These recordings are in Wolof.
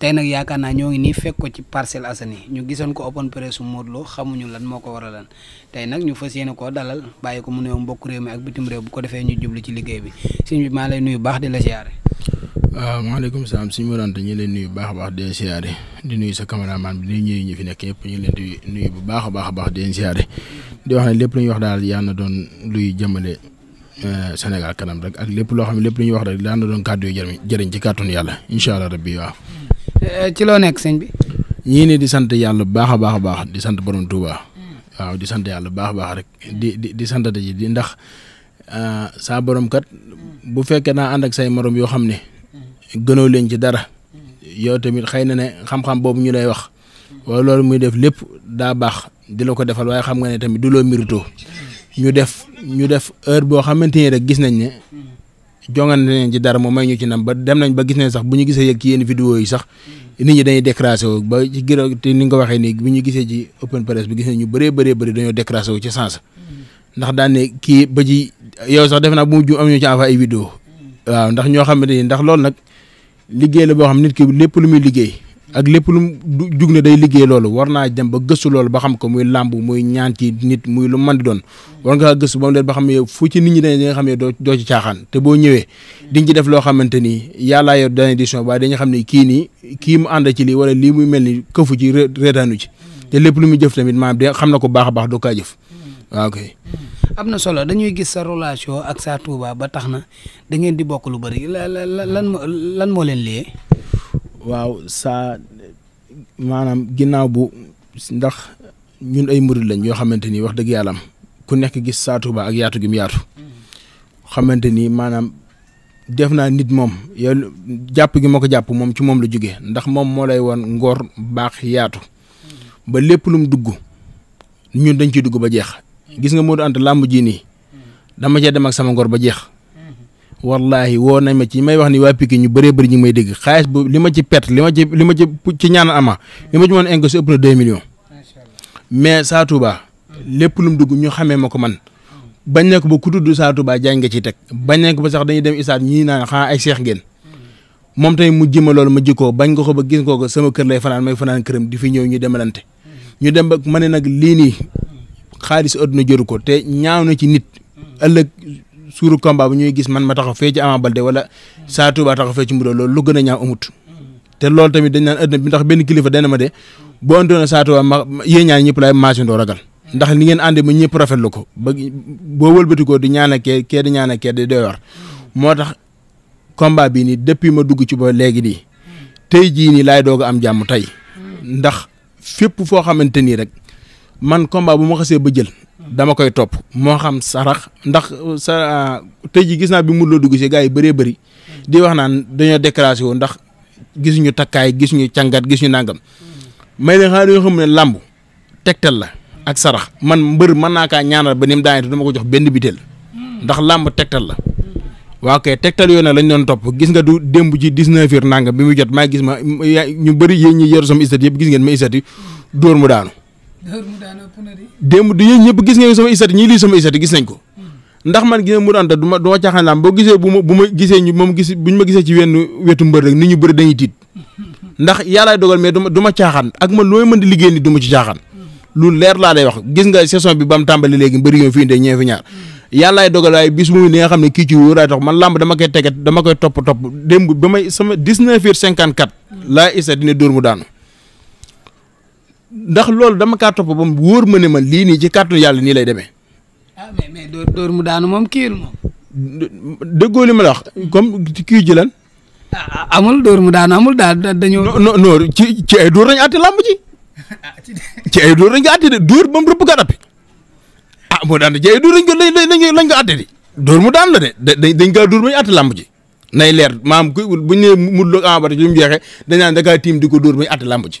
tey nag yaakaar naa ñoo ngi nii fekk ko ci Parcelles Assainies ñu gisoon ko open press Modou Lo xamuñu lan moo ko waralan tey nag ñu fas yéene koo dalal bàyyi ko mu nuyoo mbokk réew mi ak bitim réew bu ko defee ñu jublu ci liggéey bi sëñ bi maa lay nuyu baax di la siyaare. waaw suñu warante ñu leen nuyu baax baax di leen di nuyu sa cameraman bi di ñëwee ñi fi nekk yëpp ñu leen di nuyu bu baax a baax a baax di leen siyaare di wax ne lépp lu ñuy wax daal yaa na doon luy jëmale. Euh, Sénégal kanam rek ak lépp loo xam lépp lu ñuy wax rek daan na doon kàddu yu jëriñ jëriñ ci kàttanu yàlla incha allah rabbi waaw. Euh, ci loo nekk sëñ bi. ñii di sant yàlla bu baax a baax a baax di sant borom Touba. Mm. waaw di sant yàlla bu baax a baax rek di di di sant ji di ndax euh, saa borom kat bu fekkee naa ànd ak say morom yoo xam ne mm. gënoo leen ci dara mm. yow tamit xëy na ne xam-xam boobu ñu lay wax wala loolu muy def lépp daa baax di la ko defal waaye xam nga ne tamit du loo miritoo ñu def ñu def heure boo xamante ni rek gis nañ ne jongante nañ ci dara moom may ñu ci nam ba dem nañ ba gis nañ sax bu ñu gisee yëg ci yenn vidéo yi sax nit ñi dañuy décrassé wu ba ci te ni nga ko waxee nii bu ñu gisee ci open press bi gis nañ ñu bëree bëree bëri dañoo décrassé wu ci sens ndax daan ne kii ba ji yow sax def naa bu mu ju am ñu ci envoyé ay vidéo waaw ndax ñoo xamante ni ndax loolu nag liggéey la boo xam nit ki lépp lu muy liggéey ak lépp lu mu jug ne day liggéey loolu war naa dem ba gëstu loolu ba xam ko muy làmb muy ñaan ci nit muy lu mën di doon war nga gëstu ba mu leen xam ne fu ci nit ñi dañ nga xam ne doo doo ci te boo ñëwee diñ ci def loo xamante ni yàllaa yor dana édition waaye dañu xam ne kii nii kii mu ànd ci lii wala lii muy mel ni këfu ci reetaanu ci te lépp lu muy jëf tamit maanaam de xam na ko baax a baax doo kaa jëf waaw am na solo dañuy gis sa relation ak sa Touba ba tax na da ngeen di bokk lu la lan lan moo leen liyee waaw saa maanaam ginnaaw bu ndax ñun ay murid lañ yoo xamante ni wax dëgg yàlla ku nekk gis saatu Touba ak yaatu gi yaatu xamante ni maanaam def naa nit moom yow jàpp gi ma ko jàpp moom ci moom la jóge ndax moom moo lay woon ngor baax yaatu ba lépp lu mu dugg ñun dañ ciy dugg ba jeex gis nga Modou Anta làmb ji nii dama cee dem ak sama ngoor ba jeex wallahi woo nañ ma ci may wax ni waa Pikine ñu bëree bëri ñu may dégg xaalis bu li ma ci perte li li ma ci ci a encaissé ëpp na 2 millions. mais Sa Touba lépp lu mu dugg ñu xamee ma ko man. bañ ne ko ku tudd Sa Touba jaañ nga ciy teg. bañ ne ba sax dañuy dem isaat ñii naan xanaa ay seex moom tamit mu jëma loolu ma jikkoo bañ nga ko ba gis nga ko sama kër lay fanaan may fanaan këram di fi ñëw ñu demalante ñu dem ba ma ne nag lii nii xaalis àdduna jëru ko te ñaaw na ci nit ëllëg suur combat bu ñuy gis man ma taxaw fee ci Ama Baldé wala saa Touba taxaw fee ci Modou Lô loolu lu gën a ñaaw amut te loolu tamit dañ naan bi ndax benn kilifa dana ma de boo andoon a ma yéen ñaar ñëpp laay maasindoo ragal ndax li ngeen àndee ba ñëpp rafetlu ko ba boo wëlbatikoo di ñaan a kee kee di ñaan moo tax combat bii nii depuis ma dugg ci ba léegi di tey jii nii laay doog am jàmm tey ndax fépp foo xamante nii rek man combat bu ma xasee ba jël dama koy topp moo xam sarax ndax euh, sa euh, tey ji gis naa bi mu la dugg si gars yi bëree bëri di wax naan dañoo déclaration woon ndax gisuñu takkaay gis gisuñu càngat ñu nangam may na xanaa dañoo xam ne làmb tegtal la ak sarax man mbër mën naa kaa ñaanal ba ni mu daanetu ko jox benn bitel ndax làmb tegtal la waaw kay tegtal yooyu nag lañ doon topp gis nga du démb ji dix-neuf heures nangam bi muy jot maa gis ma ñu bëri yéen ñi yor sam istat yëpp gis ngeen ma istat yi dóor mu daanu démb du yéen ñëpp gis ngeen sama isati ñii lii sama isati gis nañ ko hmm. ndax man gis mu daan du ma du ma caaxaan boo gisee bu ma bu ma gisee ñu moom gis bu ñu ma gisee ci wenn wetu mbër rek nit ñu bëri dañuy tiit ndax yàllaay dogal mais du ma du ak man looy mën di liggéey ni du ci caaxaan hmm. lu leer laa lay wax gis nga saison bi ba mu tàmbali léegi mbëri yoon fi indee ñee fi ñaar hmm. yàllaay dogal nga xam ne kii ci man làmb dama koy teget dama koy topp topp ba may sama 19 heures 54 laa isati ne dóor mu daanu ndax loolu dama kaa topp ba mu wóor ma ne ma lii nii ci kàttanu yàlla nii lay demee. ah mais mais dóor dóor mu daanu moom kii moom. dëggoo li ma la wax comme kii ji lan. Ah, ah, amul dóor mu daanu amul daal dañoo. non non ci ci ay dóor lañu àtte làmb ji ah, ci ay dóor lañu ko àtte de dóor ba mu rëbb kat ah moo daan ci ay dóor lañu ko lañ lañ lañ ko àtte di. dóor mu daan la de dañ dañ kaa dóor ba ñu àtte làmb ji nay leer maam ku bu ñu nee mu mu loo amat li mu jeexee dañ naan da kaa tiim di ko dóor ba ñu àtte làmb ji.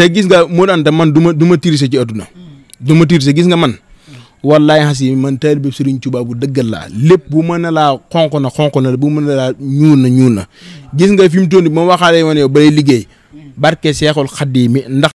te gis nga Modou Anta man du ma du ma tirise ci adduna du ma tirise gis nga man wallaay xas yi man taalibe Sëriñ Tuubaa bu dëggal laa lépp bu mën a laa xonq na xonq na bu mën na laa ñuul na ñuul na gis nga fi mu toll nii bu ma waxaalee woon yow bay liggéey barke Seexul Xadiim mi ndax